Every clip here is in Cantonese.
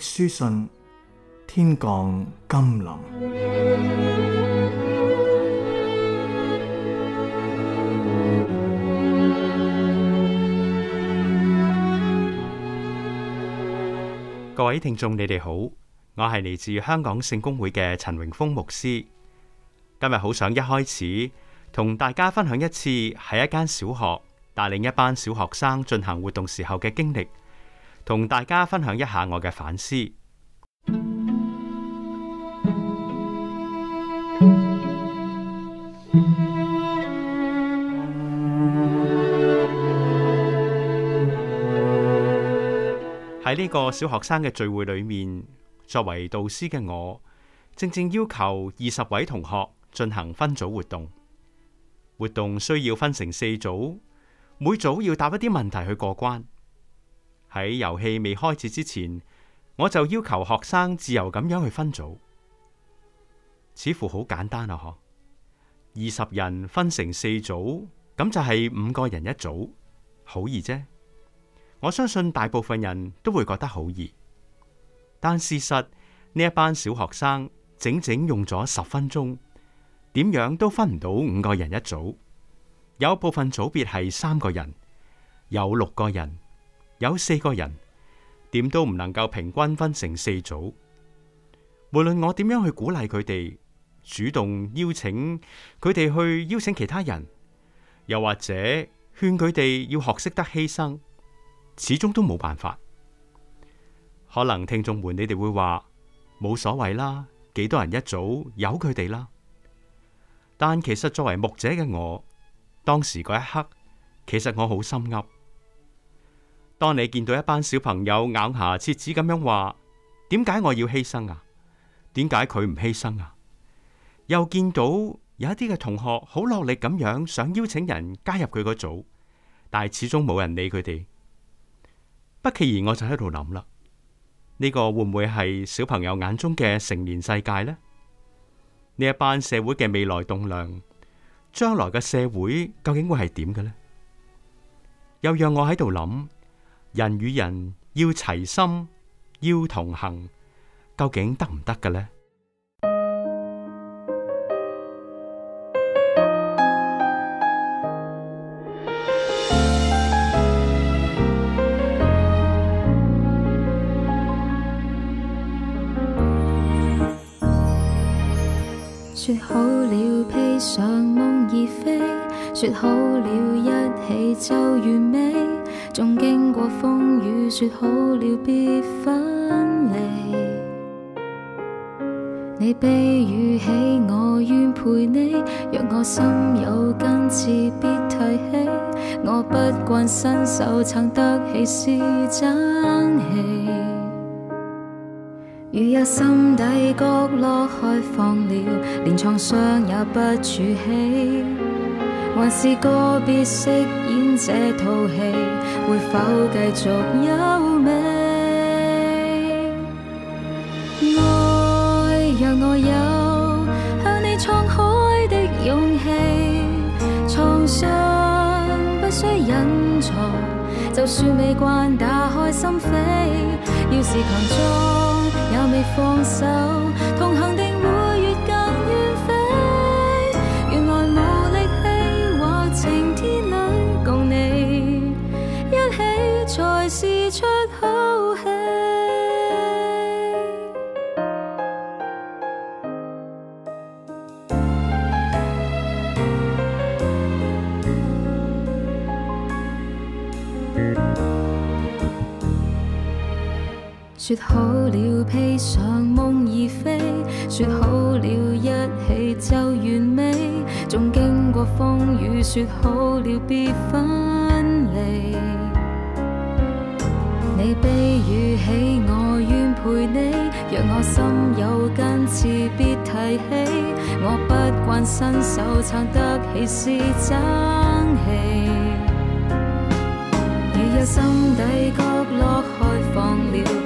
書信天降甘霖，各位聽眾，你哋好，我係嚟自香港聖公會嘅陳榮豐牧師。今日好想一開始同大家分享一次喺一間小學帶領一班小學生進行活動時候嘅經歷。同大家分享一下我嘅反思。喺呢個小學生嘅聚會裏面，作為導師嘅我，正正要求二十位同學進行分組活動。活動需要分成四組，每組要答一啲問題去過關。喺遊戲未開始之前，我就要求學生自由咁樣去分組，似乎好簡單啊！嗬，二十人分成四組，咁就係五個人一組，好易啫。我相信大部分人都會覺得好易，但事實呢一班小學生整整用咗十分鐘，點樣都分唔到五個人一組，有部分組別係三個人，有六個人。有四個人，點都唔能夠平均分成四組。無論我點樣去鼓勵佢哋，主動邀請佢哋去邀請其他人，又或者勸佢哋要學識得犧牲，始終都冇辦法。可能聽眾們你哋會話冇所謂啦，幾多人一組由佢哋啦。但其實作為牧者嘅我，當時嗰一刻，其實我好心噏。當你見到一班小朋友咬牙切齒咁樣話，點解我要犧牲啊？點解佢唔犧牲啊？又見到有一啲嘅同學好落力咁樣想邀請人加入佢個組，但係始終冇人理佢哋。不其然，我就喺度諗啦，呢個會唔會係小朋友眼中嘅成年世界呢？呢一班社會嘅未來棟樑，將來嘅社會究竟會係點嘅呢？又讓我喺度諗。人與人要齊心，要同行，究竟得唔得嘅呢？說好了披上夢而飛，說好了一起就完美。要說好了別分離，你悲與喜我願陪你。若我心有根刺必提起，我不慣伸手撐得起是爭氣。如若心底角落開放了，連創傷也不儲起。還是個別飾演這套戲，會否繼續優美？愛若我有，有向你敞開的勇氣，床上不需隱藏，就算未慣打開心扉，要是強裝也未放手，痛恨的。說好了披上夢而飛，說好了一起就完美。縱經過風雨，說好了別分離。你悲與喜，我願陪你。若我心有根刺，別提起。我不慣伸手撐得起是爭氣。若有心底角落開放了。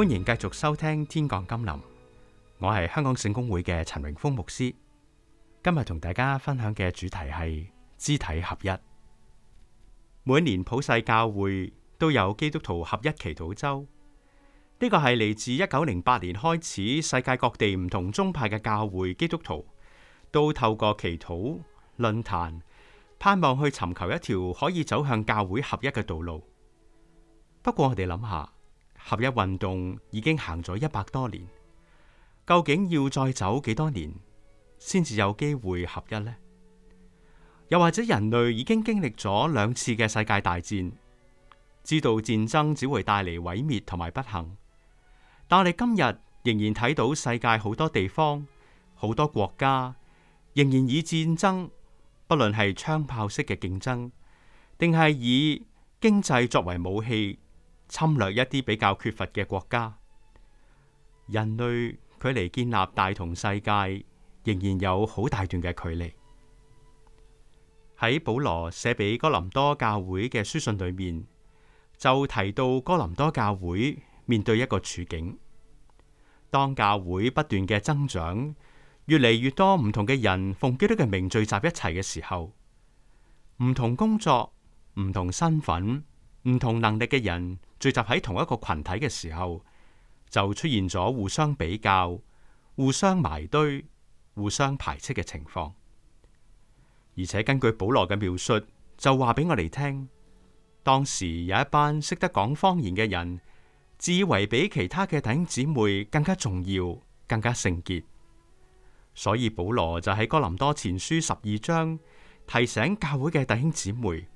歡迎繼續收聽《天降金林》，我係香港聖公會嘅陳榮豐牧師。今日同大家分享嘅主題係肢體合一。每一年普世教會都有基督徒合一祈禱周，呢個係嚟自一九零八年開始，世界各地唔同宗派嘅教會基督徒都透過祈禱論壇，盼望去尋求一條可以走向教會合一嘅道路。不過我哋諗下。合一運動已經行咗一百多年，究竟要再走幾多年先至有機會合一呢？又或者人類已經經歷咗兩次嘅世界大戰，知道戰爭只會帶嚟毀滅同埋不幸，但我哋今日仍然睇到世界好多地方、好多國家仍然以戰爭，不論係槍炮式嘅競爭，定係以經濟作為武器，侵略一啲比較缺乏嘅國家，人類距離建立大同世界仍然有好大段嘅距離。喺保羅寫俾哥林多教會嘅書信裏面，就提到哥林多教會面對一個處境：當教會不斷嘅增長，越嚟越多唔同嘅人奉基督嘅名聚集一齊嘅時候，唔同工作、唔同身份、唔同能力嘅人，聚集喺同一個群體嘅時候，就出現咗互相比較、互相埋堆、互相排斥嘅情況。而且根據保羅嘅描述，就話俾我哋聽，當時有一班識得講方言嘅人，自以為比其他嘅弟兄姊妹更加重要、更加聖潔，所以保羅就喺哥林多前書十二章提醒教會嘅弟兄姊妹，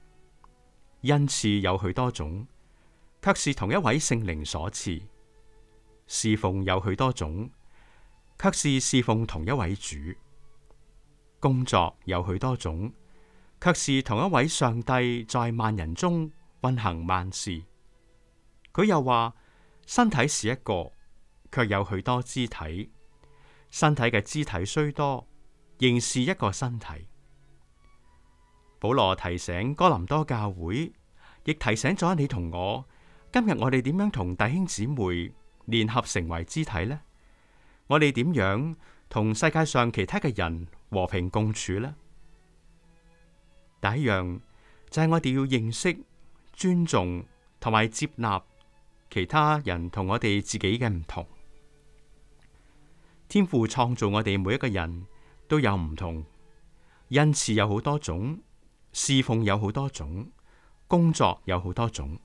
恩賜有許多種。卻是同一位聖靈所賜，侍奉有許多種，卻是侍奉同一位主。工作有許多種，卻是同一位上帝在萬人中運行萬事。佢又話：身體是一個，卻有許多肢體。身體嘅肢體雖多，仍是一個身體。保羅提醒哥林多教會，亦提醒咗你同我。今日我哋點樣同弟兄姊妹聯合成為肢體呢？我哋點樣同世界上其他嘅人和平共處呢？第一樣，就係我哋要認識、尊重同埋接納其他人同我哋自己嘅唔同。天父創造我哋每一個人都有唔同，恩賜有好多種，侍奉有好多種，工作有好多種。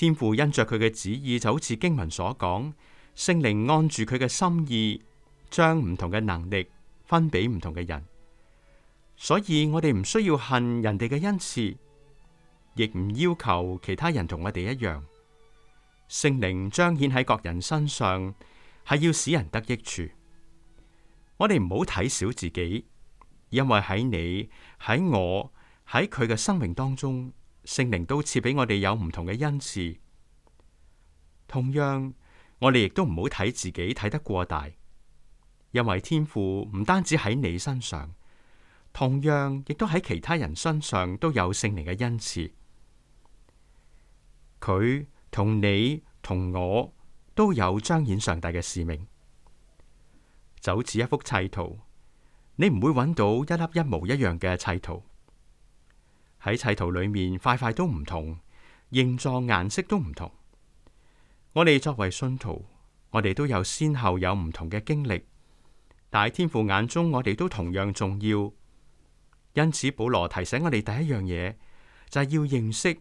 天父因著佢嘅旨意，就好似經文所講，聖靈按住佢嘅心意，將唔同嘅能力分俾唔同嘅人。所以我哋唔需要恨人哋嘅恩賜，亦唔要求其他人同我哋一樣。聖靈彰顯喺各人身上，係要使人得益處。我哋唔好睇小自己，因為喺你、喺我、喺佢嘅生命當中。聖靈都賜俾我哋有唔同嘅恩賜，同樣我哋亦都唔好睇自己睇得過大，因為天父唔單止喺你身上，同樣亦都喺其他人身上都有聖靈嘅恩賜。佢同你同我都有彰顯上帝嘅使命，就好似一幅砌圖，你唔會揾到一粒一模一樣嘅砌圖。喺砌圖裏面塊塊都唔同，形狀顏色都唔同。我哋作為信徒，我哋都有先後有唔同嘅經歷，但係天父眼中我哋都同樣重要。因此保羅提醒我哋第一樣嘢就係要認識、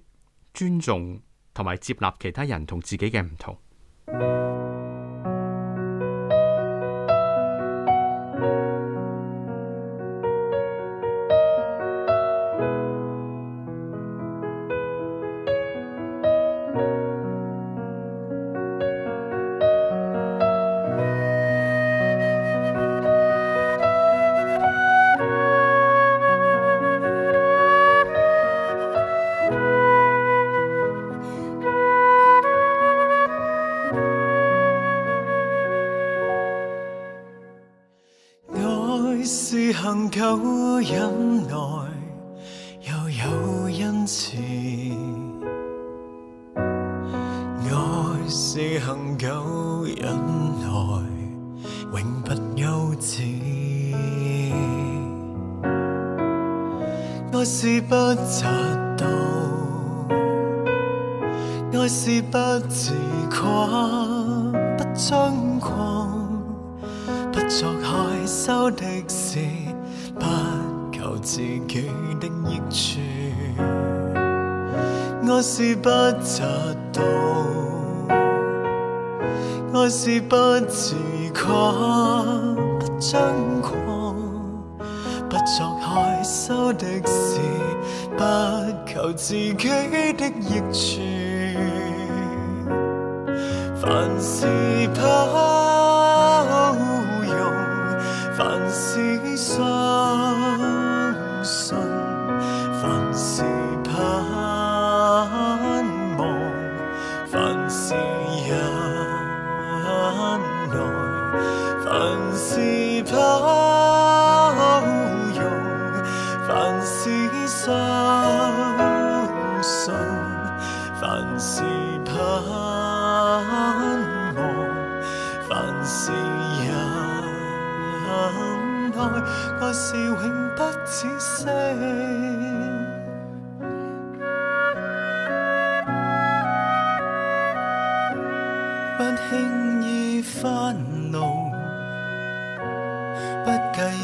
尊重同埋接納其他人同自己嘅唔同。有忍耐，又有恩慈。愛是恒久忍耐，永不休止。愛是不嫉妒，愛是不自誇，不張狂，不作害羞的事。自己的益處，愛是不嫉妒，愛是不自誇、不張狂，不做害羞的事，不求自己的益處，凡事。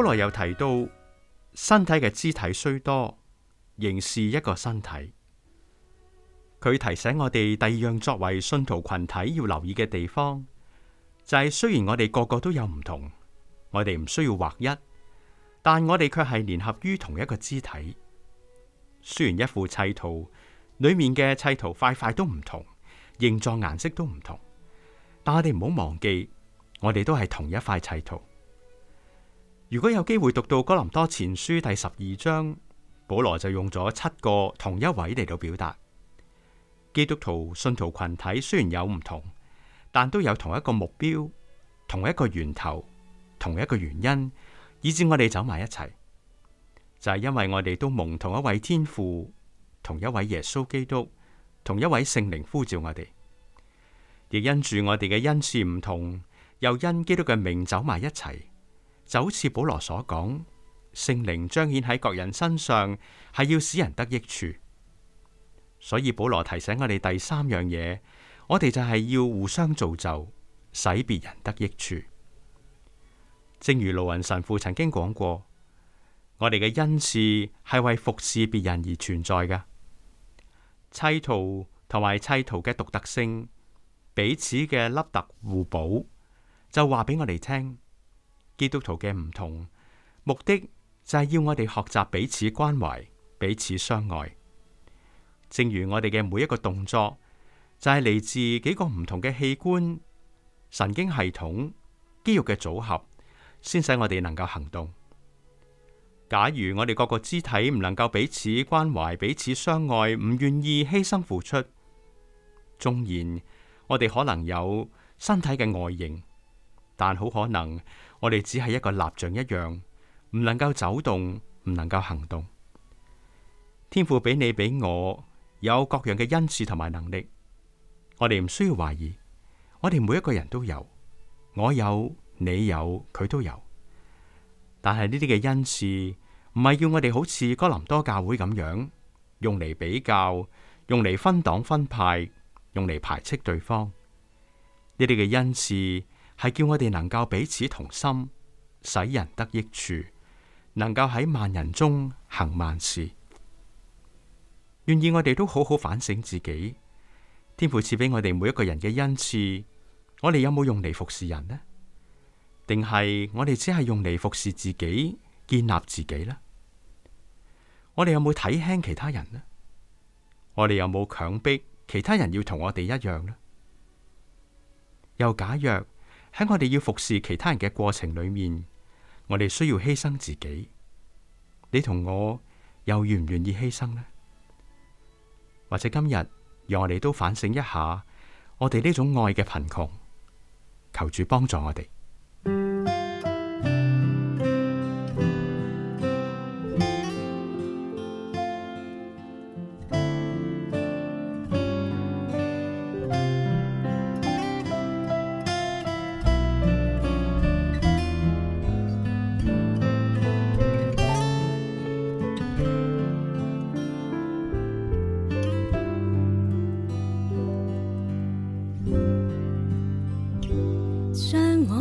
後來又提到，身體嘅肢體雖多，仍是一個身體。佢提醒我哋第二樣作為信徒群體要留意嘅地方，就係雖然我哋個個都有唔同，我哋唔需要劃一，但我哋卻係聯合於同一個肢體。雖然一副砌圖裏面嘅砌圖塊塊都唔同，形狀、顏色都唔同，但我哋唔好忘記，我哋都係同一塊砌圖。如果有機會讀到哥林多前書第十二章，保羅就用咗七個同一位嚟到，表達基督徒信徒群體雖然有唔同，但都有同一個目標、同一個源頭、同一個原因，以致我哋走埋一齊，就係因為我哋都蒙同一位天父、同一位耶穌基督、同一位聖靈呼召我哋，亦因住我哋嘅恩賜唔同，又因基督嘅名走埋一齊。就好似保羅所講，聖靈彰顯喺各人身上，係要使人得益處。所以保羅提醒我哋第三樣嘢，我哋就係要互相造就，使別人得益處。正如盧雲神父曾經講過，我哋嘅恩賜係為服侍別人而存在嘅。砌圖同埋砌圖嘅獨特性，彼此嘅凹凸互補，就話俾我哋聽。基督徒嘅唔同目的就係要我哋學習彼此關懷、彼此相愛。正如我哋嘅每一個動作就係嚟自幾個唔同嘅器官、神經系統、肌肉嘅組合，先使我哋能夠行動。假如我哋各個肢體唔能夠彼此關懷、彼此相愛，唔願意犧牲付出，縱然我哋可能有身體嘅外形，但好可能。我哋只係一個蠟像一樣，唔能夠走動，唔能夠行動。天父俾你俾我，有各樣嘅恩賜同埋能力，我哋唔需要懷疑。我哋每一個人都有，我有，你有，佢都有。但係呢啲嘅恩賜，唔係要我哋好似哥林多教會咁樣，用嚟比較，用嚟分黨分派，用嚟排斥對方。呢啲嘅恩賜。係叫我哋能夠彼此同心，使人得益處，能夠喺萬人中行萬事。願意我哋都好好反省自己，天父賜俾我哋每一個人嘅恩賜，我哋有冇用嚟服侍人呢？定係我哋只係用嚟服侍自己，建立自己呢？我哋有冇睇輕其他人呢？我哋有冇強迫其他人要同我哋一樣呢？又假若……喺我哋要服侍其他人嘅過程裏面，我哋需要犧牲自己。你同我又願唔願意犧牲呢？或者今日讓我哋都反省一下，我哋呢種愛嘅貧窮，求主幫助我哋。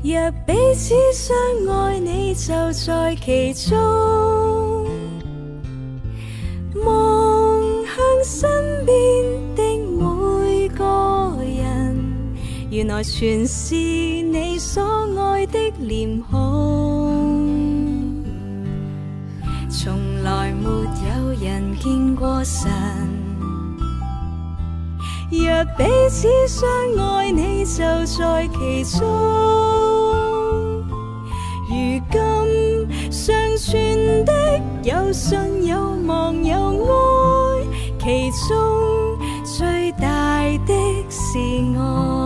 若彼此相愛，你就在其中。望向身邊的每個人，原來全是你所愛的臉孔。從來沒有人見過神。若彼此相愛，你就在其中。有信有望有愛，其中最大的是愛。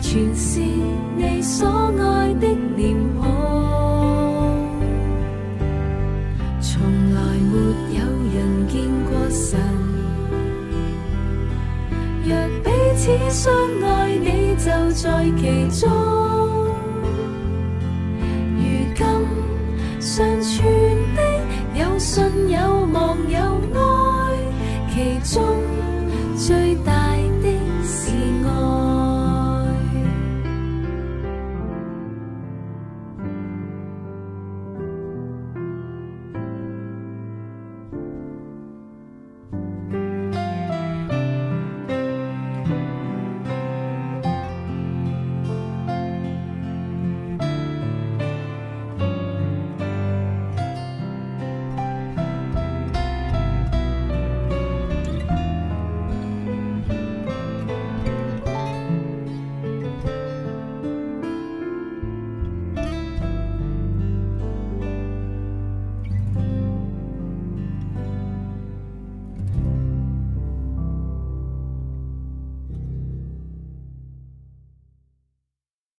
全是你所愛的臉孔，從來沒有人見過神。若彼此相愛，你就在我其中。如今尚存的，有信有望有愛，其中最大。